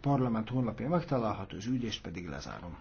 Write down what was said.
Parlament honlapján megtalálható, az ügyést pedig lezárom.